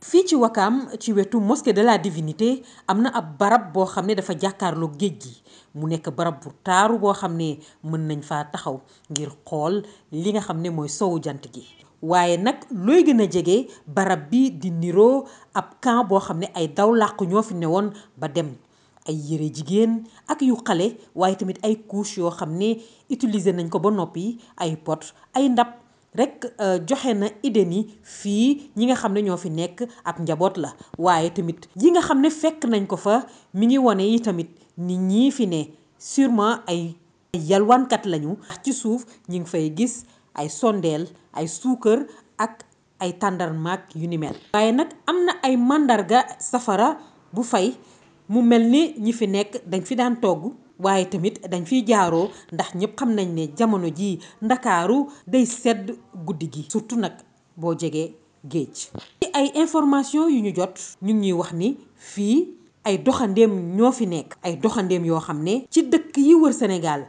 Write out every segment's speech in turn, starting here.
fii ci wakaam ci wetu moske de la divinité am na ab barab boo xam ne dafa jàkkaarloo géej gi mu nekk barab bu taaru boo xam ne mën nañ faa taxaw ngir xool li nga xam ne mooy sowu jant gi waaye nag looy gën a jege barab bi di niroo ab camp boo xam ne ay daw làqu ñoo fi newoon ba dem ay yëre jigéen ak yu xale waaye tamit ay couche yoo xam ne utiliser nañ ko ba noppi ay pot ay ndab rek euh, joxe na idée ni fii ñi nga xam ne ñoo fi nekk ab njaboot la waaye tamit yi nga xam ne fekk nañ ko fa mu ngi wone yi tamit nit ñii fi ne sûrement ay yalwaankat lañu ndax ci suuf ñi ngi fay gis ay sondeel ay suukar ak ay tàndarmaak yu ni mel waaye nag am na ay màndarga safara bu fay mu mel ni ñi fi nekk dañ fi daan togg waaye tamit dañ fiy jaaroo ndax ñëpp xam nañ ne jamono jii ndakaaru day sedd guddi gi surtout nag boo jegee géej ci ay information yu ñu jot ñu ngi ñuy wax ni fii ay doxandeem ñoo fi nekk ay doxandéem yoo xam ne ci dëkk yi wër Sénégal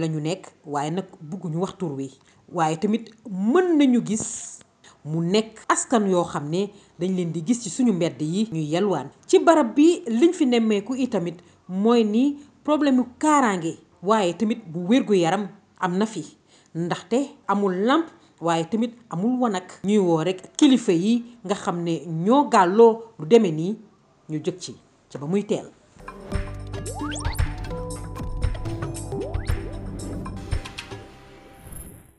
lañu nekk waaye nag bëgguñu wax tur wi waaye tamit mën nañu gis mu nekk askan yoo xam ne dañ leen di gis ci suñu mbedd yi ñuy yalwaan ci barab bi liñ fi nemmeeku itamit mooy ni problème yu kaaraange waaye tamit bu wérgu yaram am na fi ndaxte amul làmp waaye tamit amul wanag ñuy woo rekk kilifa yi nga xam ne ñoo gàlloo lu demee nii ñu jëg ci ca ba muy teel